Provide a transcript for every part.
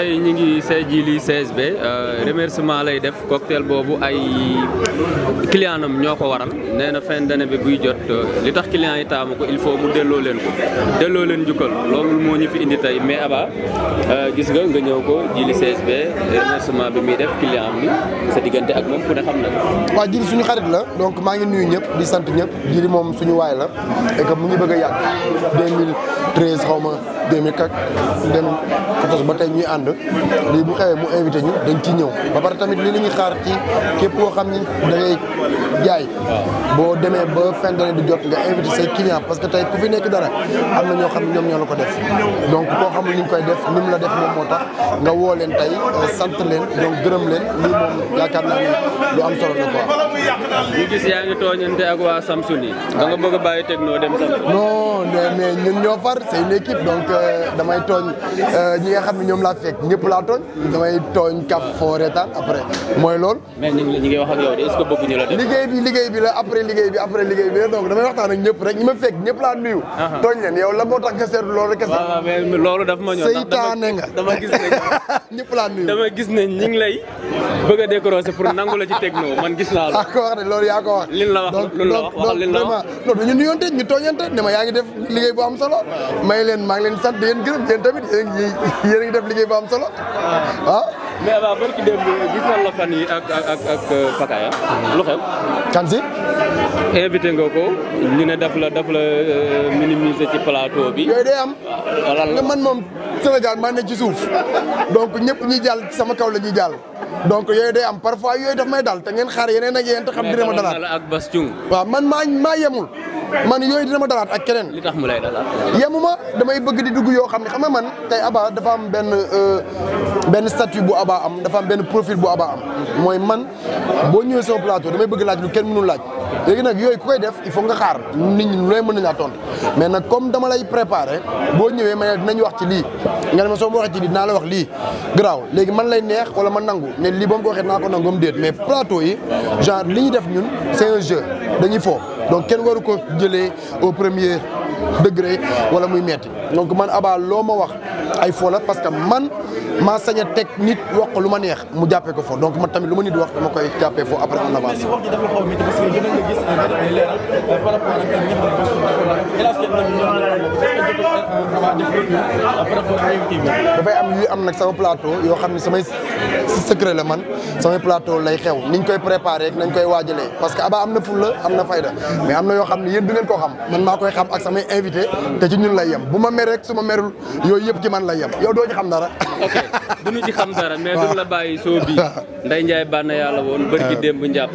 tey ñu ngi say ji li 16B euh, lay def cocktail boobu ay client am ñoo ko waral nee na fin d'année bi buy jot euh, li tax client yi taamu ko il faut mu delloo leen ko leen jukkal loolu moo ñu fi indi tey mais Aba euh, gis nga nga ñëw ko ji li 16B remerciement bi muy def client am bi sa diggante ak moom ku ne xam na ko. waaw suñu xarit la donc maa ngi nuyu ñëpp di sant ñëpp jili moom suñu waay la et mu ngi bëgg a yàgg 2013 xaw ma 2014 ba tey ñuy ànd. ànd lii bu xewee mu invité ñu dañ ci ñëw ba pare tamit li la ñuy xaar ci képp koo xam ni da ngay jaay boo demee ba fin d'année di jot nga invité say client parce que tey ku fi nekk dara am na ñoo xam ne ñoom ñoo la ko def donc koo xamul ni koy def ni mu def moom moo tax nga woo leen tey euh, sant leen donc gërëm leen yaakaar naa ne lu am solo la quoi. ñu gis yaa ngi tooñante ak waa Samsung yi. da nga bëgg a bàyyi noo dem Samsung. non mais ñun ñoo far c'est une équipe donc euh, damay tooñ euh, ñi nga xam ne ñoom laa fekk ñëpp laa tooñ. damay tooñ kaf foo reetaan après mooy loolu. mais ñu ngi wax ak yow de est-ce bëgguñu la def. après di liggéey bi la après liggéey bi après liggéey bi la donc damay waxtaan ak ñëpp rek ñi ma uh-huh. dama a yaa ngi def liggéey bu am solo. may leen maa ngi leen sant di leen ngi def liggéey bu am solo ah. Ah. mais Aba barki démb gis nañ la fan yi ak ak ak Pakaya euh, ah. lu xew. kan si. invité nga ko ñu ne daf la daf la euh, minimiser ci plateau bi. yooyu day am ah, nga man moom Sénégal maa ne ci suuf donc ñëpp ñuy jàll sama kaw la ñuy jàll. donc yooyu day am parfois yooyu daf may daal te ngeen xaar yeneen ak yeneen te xam dina ma dalaat. ak Bass Thioung. waaw man maa maa yemul. man yooyu dina ma dalaat ak keneen. li tax mu lay dalaat. yemuma damay bëgg di dugg yoo xam ne xam nga man tey abaa dafa am benn euh, benn statut bu abaa am dafa am benn profil bu Aba am. mooy man boo ñëwee sama plateau damay bëgg laaj lu kenn mënul laaj. léegi nag yooyu ku koy def il faut nga xaar nit ñi looy mën nañ laa tontu mais nag comme dama lay préparé boo ñëwee ma ne dinañ wax ci lii nga ne ma soo ma waxee ci lii dinaa la wax lii garaaw léegi man lay neex wala ma nangu ne lii boo mu ko waxee naa ko nangu am déet mais plateau yi genre li ñu def ñun c'est un dañuy fo donc kenn waru ko jëlee au premier degré wala muy metti donc man Aba loo ma wax ay fo la parce que man. maa sañ a teg nit wax lu ma neex mu jàppee ko foofu donc man tamit lu ma nit wax dama koy jàppe foofu après en avance. wax parce que am yu am nag sama plateau yoo xam ne samay secret la man samay plateau lay xew niñ koy préparé nañ koy waajalee parce que Aba am na fulla am na fayda mais am na yoo xam ne yéen du ngeen ko xam man maa koy xam ak samay invité te ci ñun lay yem bu ma mer rek su ma merul yooyu yëpp ci man lay yem yow doo ci xam dara. du ñu ci xam dara mais duñ la bàyyi soo bi Ndeye Ndiaye bànn yàlla woon bërki eh. démb njàpp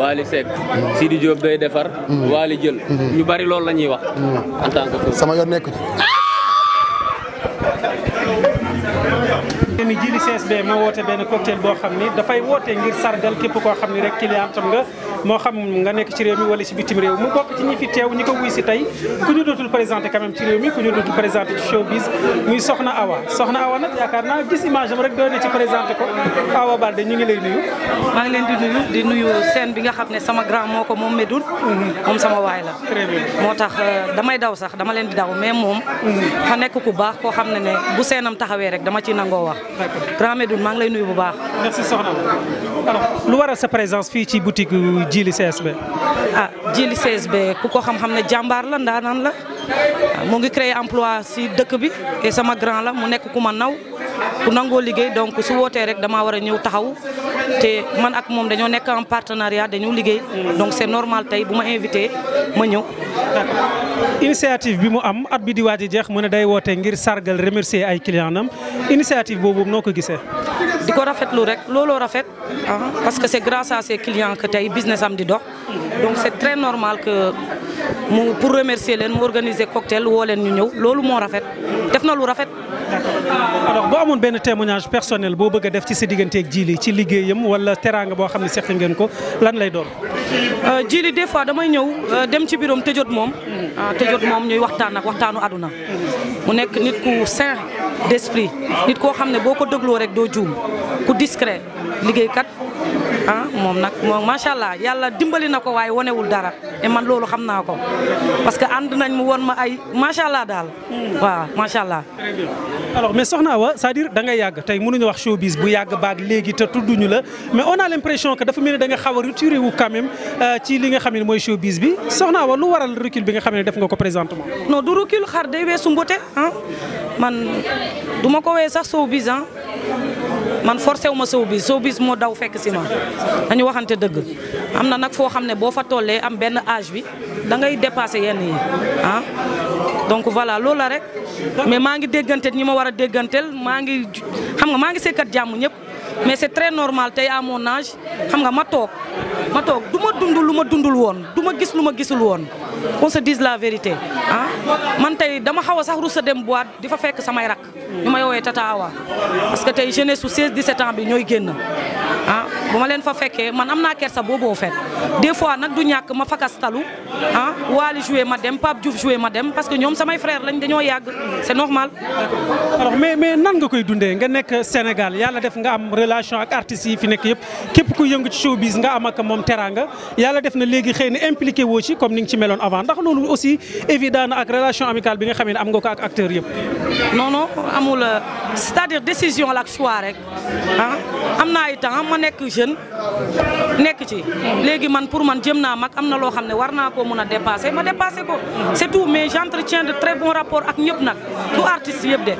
Waly Seck hmm. Sidi Diop day defar hmm. Waly jël hmm. ñu bari lool la ñuy wax en tant sama yoon nekku ci ni jili CSB moo woote benn cocktail boo xam ni dafay woote ngir sargal képp koo xam ni rek client am nga moo xam nga nekk ci réew mi wala ci bitim réew mu bokk ci ñi fi teew ñi ko wuy si tey ku ñu dootul présenté quand même ci réew mi ku ñu dootul présenté ci showbiz muy Soxna Awa Soxna Awa nag yaakaar naa gis image am rek doy na ci présenté ko Awa ñu ngi lay nuyu maa ngi leen di di nuyu scène bi nga xam ne sama grand moo ko moom Medoune mhm. moom sama waay la très moo tax euh, damay daw sax dama leen di daw mais moom xa mhm. nekk ku baax koo xam ne ne bu seenam taxawee rek dama ci nangoo wax grand Medoune maa ngi lay nuyu bu baax merci soxna alors lu waral sa présence fii ci boutique Djily CSB. ah Djily CSB ku ko xam-xam ne jàmbaar la ndaanaan la mu ngi créer emploi si dëkk bi et sama grand la mu nekk ku ma naw ku nangoo liggéey donc su wootee rek damaa war a ñëw taxaw te man ak moom dañoo nekk en partenariat dañu liggéey. donc c'est normal tey bu ma invité ma ñëw. initiative bi mu am at bi di waaj jeex mu ne day wootee ngir sargal remercier ay clients am initiative boobu noo ko gisee. di ko rafetlu rek looloo rafet ah parce que c'est grâce à ses clients que tey business am di dox donc c'est très normal que mu pour remercier leen mu organiser cocktail woo leen ñu ñëw loolu moo rafet def na lu rafet. d'accord alors boo amoon benn témoignage personnel boo bëgg a def ci sa diggante digganteeg Djily ci liggéeyam wala teraanga boo xam ne seq ngeen ko lan lay doon. Euh, ji li des fois damay ñëw euh, dem ci biiram tëjot moom. Ah, tëjot moom ñuy waxtaan ak waxtaanu aduna. mu nekk nit ku sain d'esprit nit koo xam ne boo ko dégloo rek doo juum ku discret liggéeykat. ah moom nag moom macha allah yàlla dimbali na ko waaye wanewul dara et man loolu xam naa ko parce que ànd nañ ma won ma ay macha allah daal waaw macha allah. alors mais soxna Awa c'est-à-dire da yàgg tey ñu wax showbiz bu yàgg baag léegi te ñu la mais on a l'impression que dafa mel ni da nga xaw a retiré wu quand même euh, li nga xam ne mooy showbiz bi soxna Awa lu waral recul bi nga xam ne def nga ko présentement. non du recul xar day weesu mbote ah. man du ma ko wee sax showbiz ah. man forcé wu ma showbiz showbiz moo daw fekk si ma dañu waxante dëgg am na nag foo xam ne boo fa tollee am benn age bi dangay ngay dépassé yenn yi ah donc voilà loolu rek mais maa ngi dégganteel ñi ma war a dégganteel maa ngi xam nga maa ngi sekkat jàmm ñëpp mais c'est très normal tey à mon xam nga ma toog ma toog du ma dund lu ma dundul woon du ma gis lu ma gisul woon qu'on se dise la vérité ah man tey dama xaw a sax rus dem boîte di fa fekk samay rak ñu ma woowee Tata Awa parce que tey jeunesse su 16 17 ans bi ñooy génn ah bu ma leen fa fekkee man am naa kersa booboo fet des fois nag du ñàkk ma fakastalu ah waal joué ma dem Pape Diouf joué ma dem parce que ñoom samay frère lañ dañoo yàgg c'est normal. alors mais nanga koy dundee nga nekk Sénégal yàlla def nga am relation ak artistes yi fi nekk yëpp képp ku yëngu ci showbiz nga am ak moom teraanga yàlla def na léegi xëy na impliqué woo ci comme ni nga ci meloon avant ndax loolu aussi évident na ak relation amicale bi nga xamee ne am nga ko ak acteurs yëpp. amul euh, c'est-à-dire décision ak choix rek ah. am naa ay temps ma nekk jeune nekk ci léegi man pour man jëm naa mag am na loo xam ne war naa ko mun a dépassé ma dépassé ko c'est tout mais j'entretiens de très bons rapports ak ñëpp nag du artiste yëpp de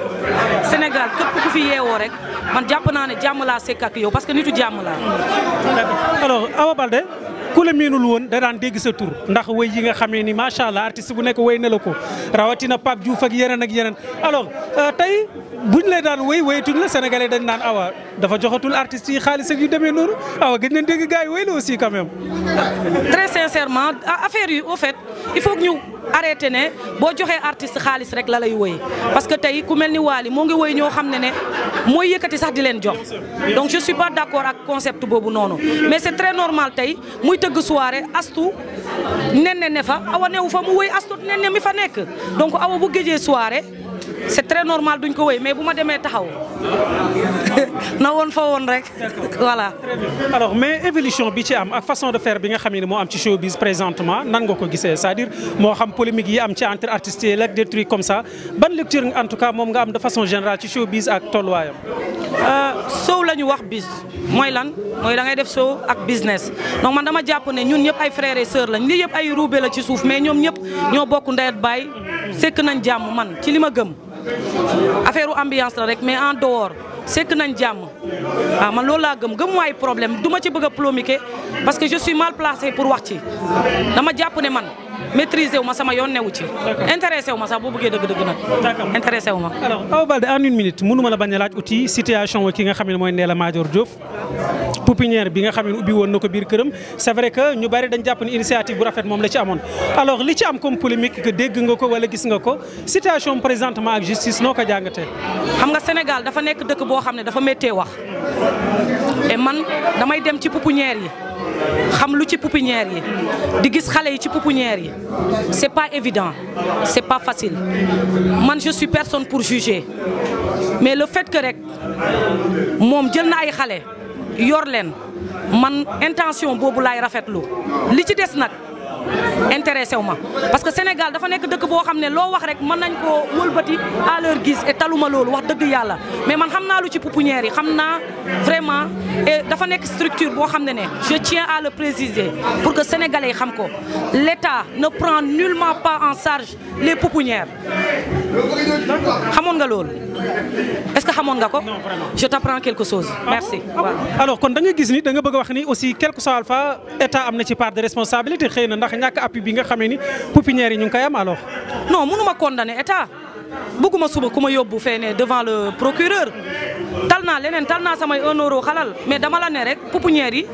Sénégal képp ku fi yeewoo rek man jàpp naa ne jàmm laa sekk ak yow parce que nitu jàmm laa. d'accord alors Awa Baldé ku la miinul woon da daan dégg sa tur ndax way nga xamee ni macha allah artiste bu nekk way la ko rawatina Pape Diouf ak yeneen ak yeneen alors euh, tey buñ lay daan way waytuñ la sénégalais dañ naan awa dafa joxatul artistes yi xaalis ak yu noonu awa gëj nañ dégg gars way la aussi quand même. très sincèrement affaire yi au fait. il faut que ñu arrêté ne boo joxee artiste xaalis rek la lay woy parce que tey ku mel ni Wally moo ngi woy ñoo xam ne ne mooy yëkkati sax di leen jox donc je suis pas d'accord ak concept boobu noonu mais c'est très normal tey muy tëgg soirée astu nenne ne fa awa newu fa mu woy astu nenne mi fa nekk donc awa bu géjee soirée c'est très normal duñ ko woy mais bu ma demee taxaw na woon fa woon rek voilà. alors mais évolution bi ci am ak façon de faire bi nga xam ne moo am ci showbiz présentement nan nga ko gisee sa à dire moo xam polémique yi am ci entre artistes yi ak des trucs comme ça ban lecture en tout cas moom nga am de façon générale ci showbiz ak tolluwaayam. Euh, sow la ñu wax bis mooy lan mooy da ngay def sow ak business donc man dama jàpp ne ñun ñëpp ay frères et sœurs lañ lii yëpp ay roubé la ci suuf mais ñoom ñëpp ñoo bokk ndey ak baay sekk nañ jàmm man ci li ma gëm. affaire ambiance la rek mais en dehors sekk nañ jàmm a ah, man loolu laa gëm gëm waay problème du ma ci bëgg a plomiquer parce que je suis mal placé pour wax ci dama jàpp ne man. maîtriser wu ma sama yoon newu ci. intéressé wu ma sax boo bëggee dëgg-dëgg nag. d'accord intéressé wu ma. alors Awa Baldé en minute mënu la bañ a laaj uti situation ki nga xam ne mooy Ndella Madior Diouf pouponnière bi nga xam ne ubbi woon na ko biir këram c'est vrai que ñu bari dañ jàpp ne initiative bu rafet moom la ci amoon. alors li ci am comme polémique que dégg nga ko wala gis nga ko situation présentement ak justice noo ko jàngatee. xam nga Sénégal dafa nekk dëkk boo xam ne dafa méttee wax et man damay dem ci pouponnière yi. xam lu ci pouponnière yi di gis xale yi ci pouponnière yi c'est pas évident c'est pas facile man je suis personne pour juger mais le fait que rek moom jël na ay xale yor leen man intention boobu laay rafetlu li ci des nag. intéressé wu ma parce que Sénégal dafa nekk dëkk boo xam ne loo wax rek mën nañ koo wëlbati à leur guise taluma loolu wax dëgg yàlla mais man xam naa lu ci pouponnière yi xam naa vraiment dafa nekk structure boo xam ne ne je tiens à le préciser pour que sénégalais yi xam ko l'État ne prend nullement pas en charge les pouponnières xamoon nga lool est-ce que xamoon nga ko. je t'apprends quelque chose. Ah merci ah waaw alors kon da gis ni da nga bëgg wax ni aussi quelque soit alpha état am na ci part de responsabilité xëy na ndax ñàkk appui bi nga xamee ni pépinière yi ñu ngi koy alors. non mënu ma condamner état bëgguma suba ku ma yóbbu fee devant le procureur. tal naa leneen tal naa samay un euro xalal mais dama la ne rek pouponnières yi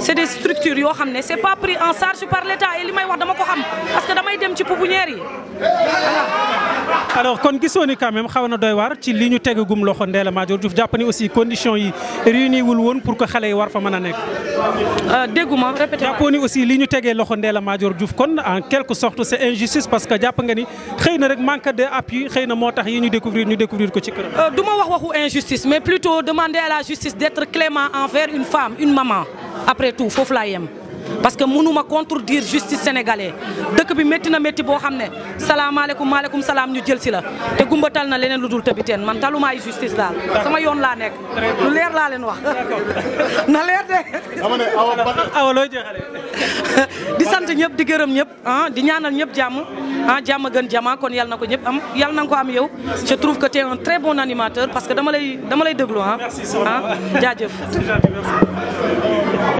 c' de des yoo xam ne c' pas pris en charge par l' état li may wax dama ko xam parce que damay dem ci pouponnières yi alors kon gisoon ni xaw na doy waar ci li ñu tegagum loxo Ndella Madior Diouf jàpp ni aussi condition yi réuni woon pour que xale yi war fa mën a nekk. Euh, dégguma répété jàppoon ni aussi li ñu tegee loxo Ndella Madior Diouf kon en quelque sorte c' est injustice parce que jàpp nga ni xëy na rek na moo tax yi ñu découvrir ñu découvrir ko ci kër. Euh, du plutôt demander à la justice d'être clément envers une femme une maman après tout foofu laa yem parce que mënuma contredire justice sénégalais dëkk bi métti na métti boo xam ne salaamaaleykum maaleykum salaam ñu jël si la te gumbatal na leneen lu dul tabiteen man taluma ay justice daal sama yoon laa nekk lu leer laa leen wax na leer de awa di sant ñëpp di gërëm ñëpp ah di ñaanal ñëpp jàmm ah jàmm gën jama kon yal na ko ñëpp am yal na ko am yow je trouve que tu es un très bon animateur parce que dama lay dama lay déglu ah ah jaajëf